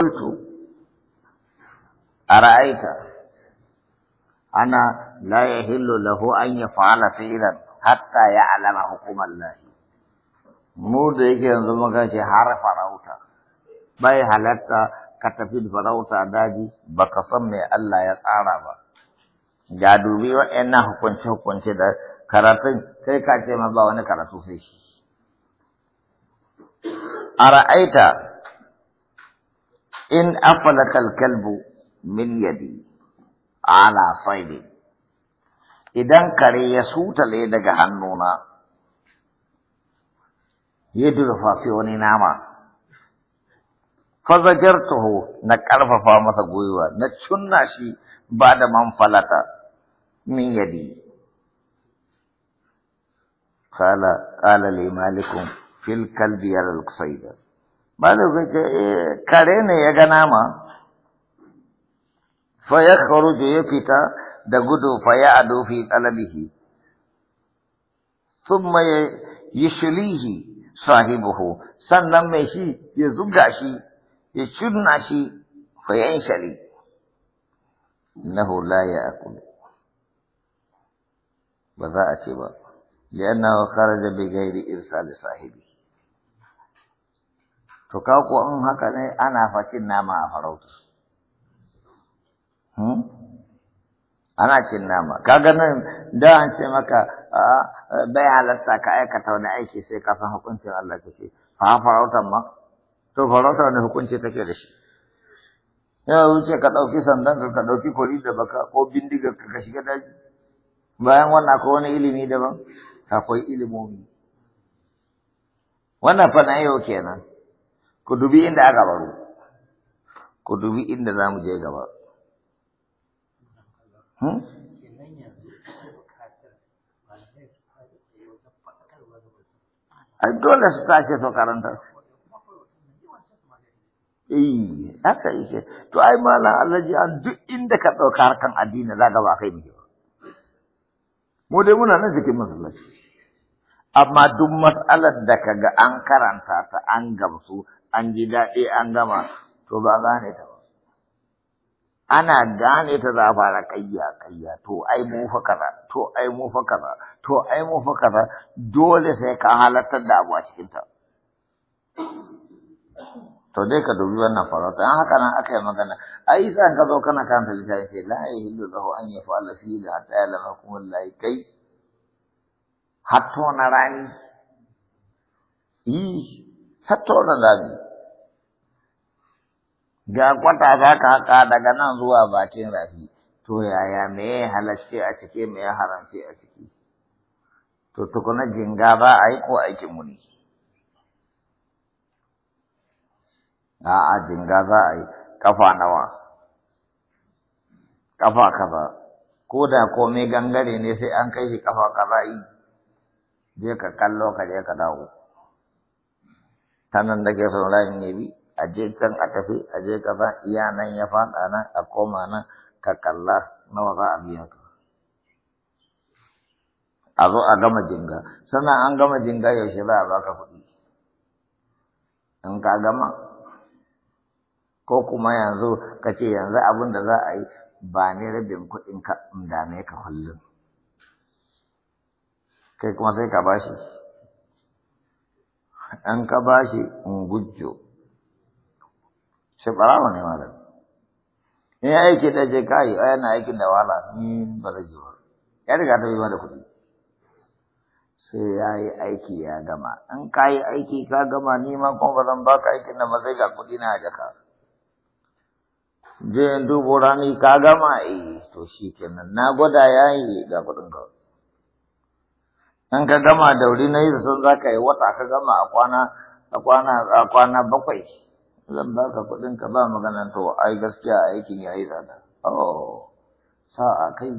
Ana أرأيت أنا لا يهل له أن يفعل فعلا hatta يعلم حكم الله mu da yake yanzu muka ce har farauta bai halatta ka tafi farauta daji baka san me Allah ya tsara ba ga dubi wa'annan hukunce hukunce da karatun kai ka ce ma ba wani karatu sai shi ara'aita إن أفلت الكلب من يدي على صيد إذن كري يسوت ليدك هنونا يدل ففيوني ناما فزجرته فاما فامس قويوة شي بعد من فلت من يدي قال قال لي مالكم في الكلب على القصيدة Malam ce eh, kare ne ya ga nama, fa ya kharuju ya fita da gudu fa ya ado fi talabihi. Thumma ya shulihi sahibuhu, sannan mai shi ya zuga shi, ya cunna shi fa ya shali. Innahu la ya akulu. Ba za a ce ba, li'annahu kharaja bi ghairi irsali sahibi. To ka ko in haka ne ana facin nama a farauta. Hmm? Ana cin nama. Kaga nan da an ce maka bai halarta ka aikata wani aiki sai ka san hukuncin Allah take. Fa farautan ma? To farauta wani hukunci take da shi. Yana wuce ka ɗauki sandan ka ka ɗauki kori da baka ko bindigar ka ka shiga daji. Bayan wannan akwai wani ilimi daban. Akwai ilimomi. Wannan fa na yau kenan. ku dubi inda aka baro ku dubi inda za mu je gaba hmm? ai dole su tashi su karanta eh haka yake to ai malam alhaji an duk inda ka ɗauka harkan addini za ga ba kai muke ba mu dai muna nan cikin masallaci amma duk mas'alar da kaga an karanta ta an gamsu an ji daɗi an gama to ba gane ta ba ana gane ta za a fara kayya kayya to ai mu fa kaza to ai mu fa kaza to ai mu fa kaza dole sai ka halartar da abu a cikin ta to dai ka dubi wannan farauta an haka nan aka yi magana ai sa ka zo kana karanta littafi sai la ya hillu lahu an fa alafi da hatta ya lama kuma lai kai hatto na rani yi hatto na rani ga kwata za ka haƙa daga nan zuwa bakin rafi to yaya me ya halarci a ciki me ya haramci a ciki to tukuna jinga ba a yi ko aikin muni a'a jinga za a yi kafa nawa kafa kaza ko da komai gangare ne sai an kai shi kafa kaza yi je ka kallo ka je ka dawo ta nan da ke son layin ne bi a je can a tafi a je ba iya nan ya faɗa nan a koma nan ka kalla nawa za a biya ka a zo a gama jinga sannan an gama jinga yaushe za a baka kuɗi in ka gama ko kuma yanzu ka ce yanzu abin da za a yi ba ne rabin kuɗin ka in dame ka kullum kai kuma sai ka bashi in ka bashi in gujjo sai ɓarawa ne malam in ya aiki da je kai ai yana aikin da wala ni ba zai ba ya riga ta biya da kuɗi sai ya yi aiki ya gama in ka yi aiki ka gama ni ma kuma ba zan baka aikin da ba zai ga kuɗi na jaka je in dubo rani ka gama eh to shi kenan na gwada ya yi ga kuɗin ka in ka gama da wuri na yi da sun za ka yi wata ka gama a kwana a kwana a kwana bakwai zan baka kuɗin ka ba maganan to ai gaskiya aikin ya yi tsada oh sa'a kai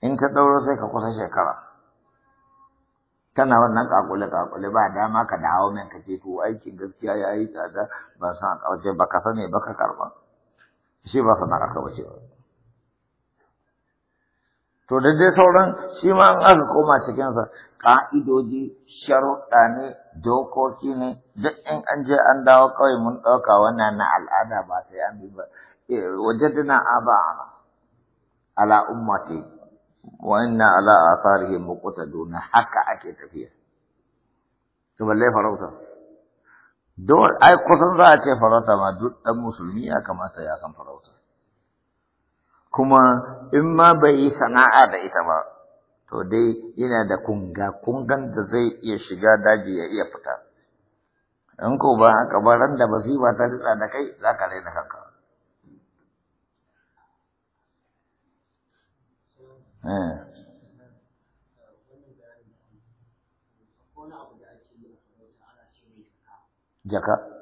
in ka ɗauro sai ka kusa shekara kana wannan kakule kakule ba dama ka dawo min ka ce to aikin gaskiya ya yi tsada ba san a ƙarshe ba ka sani ba ka karɓa shi ba sana'a ka ba ce ba To da dai sauran shi ma in aka koma cikinsa ƙa'idoji, sharuɗa ne, dokoki ne, duk in an je an dawo kawai mun ɗauka wannan na al'ada ba sai an bi ba. Eh, Wajadina aba'ana ala ummati wa inna ala atharihim muqtaduna haka ake tafiya. To balle farauta. Dole ai kusan za a ce farauta ma duk ɗan musulmi ya kamata ya san farauta. kuma in ma bai yi sana'a da ita ba to dai yana da kunga kungan da zai iya shiga daji ya iya fita in ko ba haka ba ran da ba ta ritsa da kai za ka raina kanka eh. jaka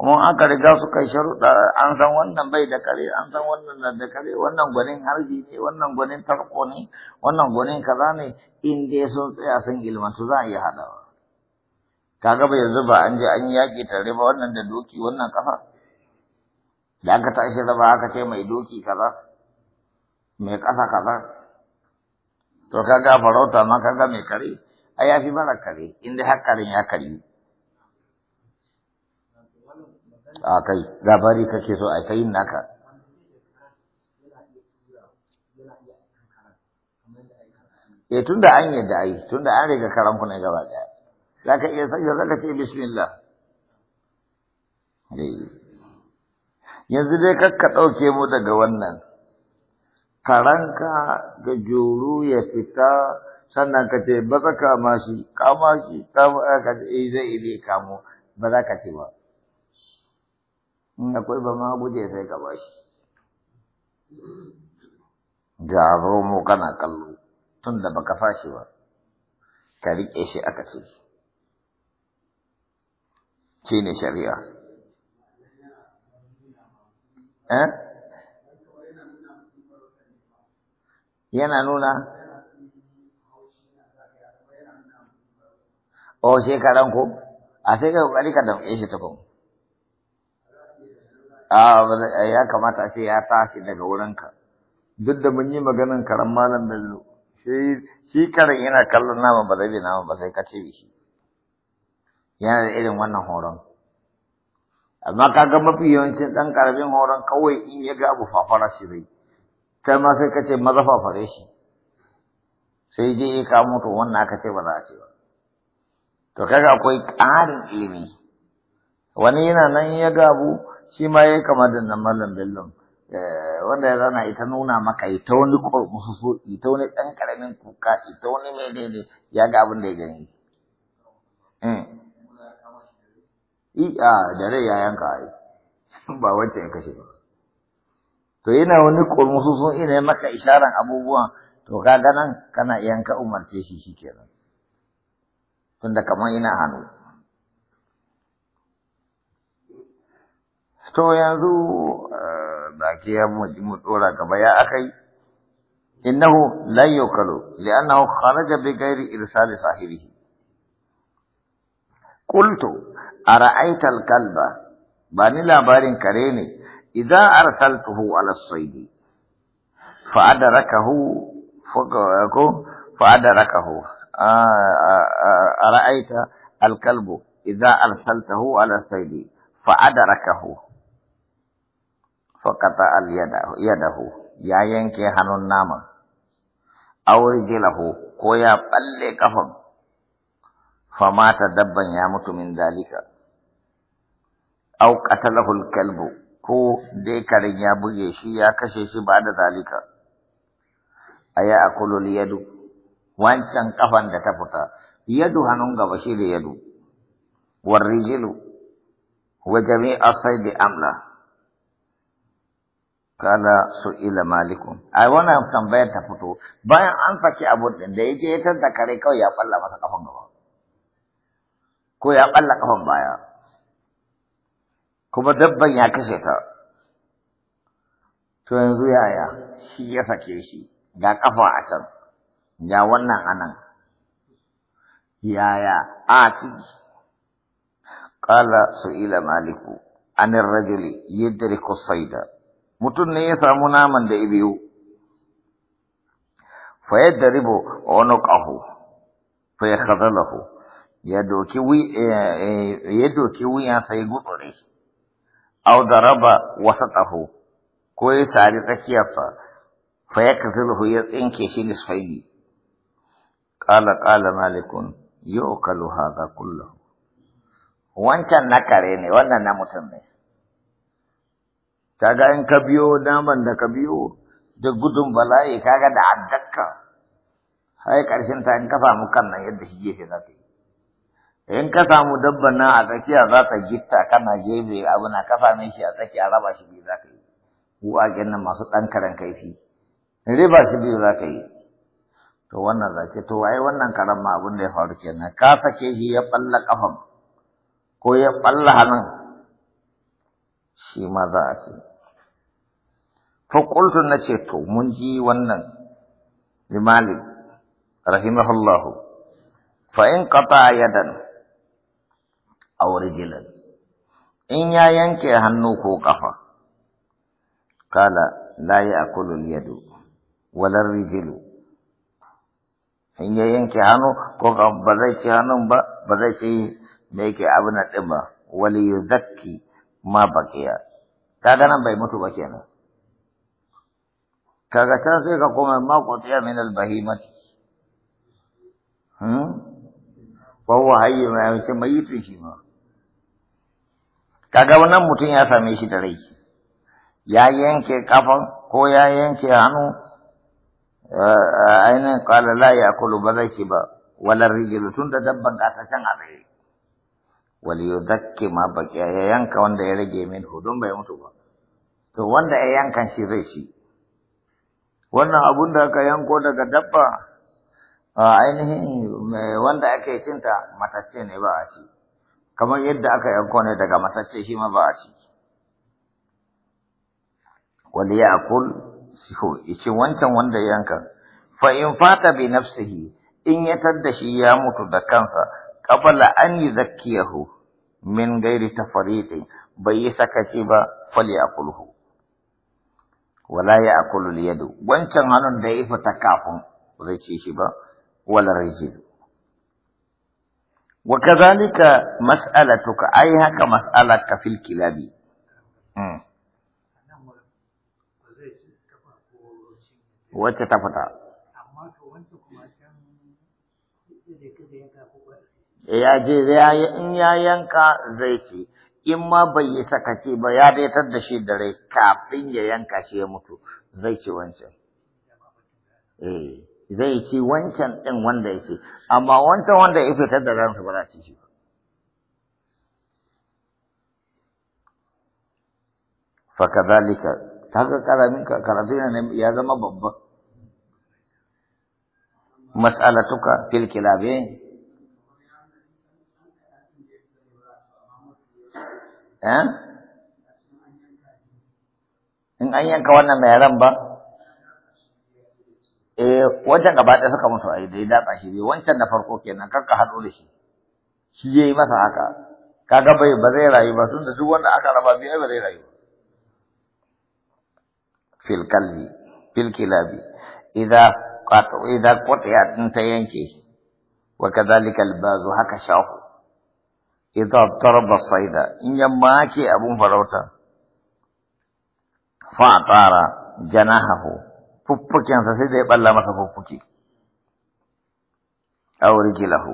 kuma aka riga su kai sharuɗa an san wannan bai da kare an san wannan na da kare wannan gwanin harbi ne wannan gwanin tarko ne wannan gwanin kaza ne in dai sun tsaya sun ilmantu za a iya haɗawa ka ba yanzu ba an je an yaƙi tare ba wannan da doki wannan ƙasa? da aka tashi zaba aka ce mai doki kaza mai ƙasa kaza to kaga farauta ma kaga mai kare A ya fi mara kare in dai har ya karyu a kai labari kake so a kai naka e tunda an da ai tunda an riga karan kuna gaba daya zaka iya sanya zaka ce bismillah eh. yanzu dai kakka ɗauke mu daga wannan karanka ga juru ya fita sannan ka ce ba ka kama shi kama shi kama ka eh, zai iya kamo ba za ka ce ba akwai ba ma guje sai ka shi ga mu kana kallo tun da baka fashi ba ka riƙe shi aka ce shi ne shari'a eh? yana nuna o oh, shekaran ko a sai ka kokari ka dauke shi kuma a ya kamata ce ya tashi daga wurinka duk da mun yi maganin karan malam bello shi shi karan yana kallon nama ba zai bi nama ba sai ka ce shi yana da irin wannan horon amma kaga mafi yawancin dan karamin horon kawai in ya ga abu fafara shi zai kai ma sai ka ce maza fafare shi sai dai ya kamo to wannan aka ce ba za a ce ba to kaga akwai ƙarin ilimi wani yana nan ya ga abu shi ma yayi kama da nan mallam bello eh, wanda ya zana ita nuna maka ita wani kurmusu ita wani ɗan ƙaramin kuka ita wani mai daidai ya ga abin da ya gani hmm. a da rai ya yanka ai ba wancan ya kashe ba to yana wani kurmusu sun ina maka isharan abubuwan to ka nan kana yanka umarce shi shikenan tunda kamar ina hannu to yanzu baki ya mu tsora gaba ya akai innahu la yukalu li'annahu kharaja bi ghairi irsali sahibihi qultu ara'aita al-kalba bani labarin kare ne idza arsaltuhu ala as-sayd fa adrakahu faqako fa adrakahu ara'aita al-kalbu idza arsaltahu ala as-sayd fa adrakahu fakata al yadahu ya yanke hannun naman auri jilahu ko ya ɓalle ƙafan famata dabban ya mutu min dalika aw qatalahu al-kalbu ko dai karin ya buge shi ya kashe shi ba da zalika aya akulu yadu wancan kafan da ta fita yadu hannun gaba shi da yadu warrijilu wa jami'a saidi amla kala su ila malikun ai wannan tambayar ta fito bayan an faki abun din da yake yatar da kare kawai ya balla masa kafan gaba ko ya balla kafan baya kuma dabban ya kashe ta to yanzu yaya shi ya sake shi ga kafa a can ga wannan anan yaya a ciki kala su ila maliku anin rajuli yadda saida mutum ne ya samu naman da ibiyu fa yadda ribo wani ƙaho fa ya kazalahu ya doki wuyansa eh, eh, ya gutsure au da raba wasa ƙaho ko ya sari tsakiyarsa fa ya kazalahu ya tsinke shi nisfaini ƙala ƙala malikun yau kalu haza kullum. wancan na kare ne wannan na mutum ne kaga in ka biyo naman da ka biyo da gudun bala'i kaga da addakka sai karshen ta in ka samu kan nan yadda shi gefe za ta yi in ka samu dabban nan a tsakiya za ta gitta kana gefe abuna ka same shi a tsakiya raba shi biyu za ka yi a nan masu ɗan karen kaifi riba shi biyu za ka yi to wannan za ce to ai wannan karen ma abin da ya faru kenan ka sake shi ya ɓalla ƙafan ko ya ɓalla hannun shi ma za a ce fakultu na ce to mun ji wannan limali rahimahullahu fa in yadan a rijlan in ya yanke hannu ko kafa kala la a kulul yadu walar rijlu in ya yanke hannu ko ba zai ci hannun ba ba zai ci da yake abu na ɗin ba wali yuzakki ma bakiya, Ta ganin bai mutu ba kenan kaga ta sai ka koma ma qutiya min al bahimati hmm wa huwa hayyu ma yashi mayitu shi ma kaga wannan mutum ya same shi da rai ya yanke kafan ko ya yanke hannu eh, ainihin kala la ya kulu ba zai ci ba wala rijilu tun da dabban kasa can a tsaye wal yudakki ma baqiya ya yanka wanda ya rage min hudun bai mutu ba to wanda ya yankan shi zai shi wannan abun da aka yanko daga dabba ainihin wanda ake cinta matacce ne ba a ci kamar yadda aka yanko ne daga matacce shi ma ba a ci ya akul shi ice wancan wanda yanka fa in fata bi nafsihi in ya tadda shi ya mutu da kansa qabla an yuzakkiyahu min ghairi tafariqi bai yi sakaci ba fali ya'kulhu wala ya akulu yadu wancan hannun da ya fita kafin zai ce shi ba wala rijil wa kazalika mas'alatuka ai haka mas'alaka fil kilabi hmm. wacce ta fita ya je in ya yanka zai ci in ma bai yi sakaci ba ya daitar da shi da rai kafin ya yanka shi ya mutu zai ci wancan. Eh, zai ci wancan ɗin wanda yake, amma wancan wanda ya fitar da ransa ba za ci shi ba. Fakadalika, ta ga karamin karatu ne ya zama babba. Mas'alatuka fil kilabe Eh? in an yanka wannan mai ran ba eh wancan gaba ɗaya suka musu ai dai daɗa shi dai wancan na farko kenan kar ka haɗo da shi shi yayi masa haka kaga bai ba zai rayu ba tunda duk wanda aka raba biyu ba zai rayu fil kalbi fil kilabi idza idza ta yanke wa kadhalika al bazu haka shahu اذا اضطرب الصيدا ان يماكي ابو فروتا فاطارا جناحه فبك ان تسيد يبلى ما فبك او رجله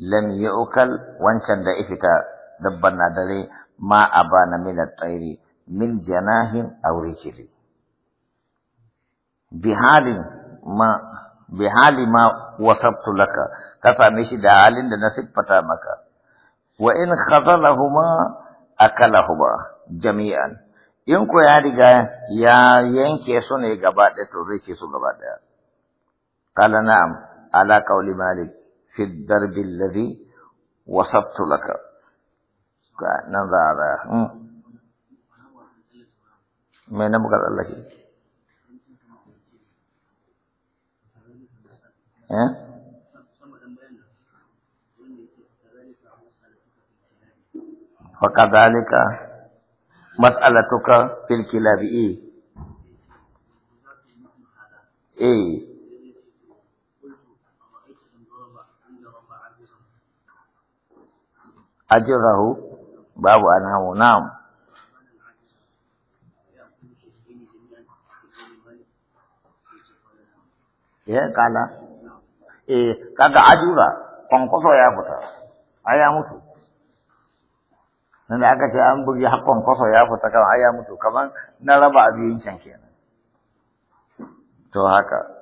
لم يؤكل وانشن دائفتا دبنا دلي ما ابان من الطير من جناح او رجل بحال ما بحال ما وصبت لك كفا مشي دعال لنسب فتامك wa in khazalahuma akalahuma jami'an in ko ya riga ya yanke su ne gaba ɗaya to zai ce su gaba ɗaya qala na'am ala qawli malik fi ad alladhi wasabtu laka nan za a raya hmm. na eh وكذلك مسألتك في الكلاب إيه إيه أجره باب أنه نعم ya kala eh kaga ajura ya fita a ya mutu nan da aka ce an bugi hakkon kwaso ya fita kan aya mutu kaman na raba abin can kenan to haka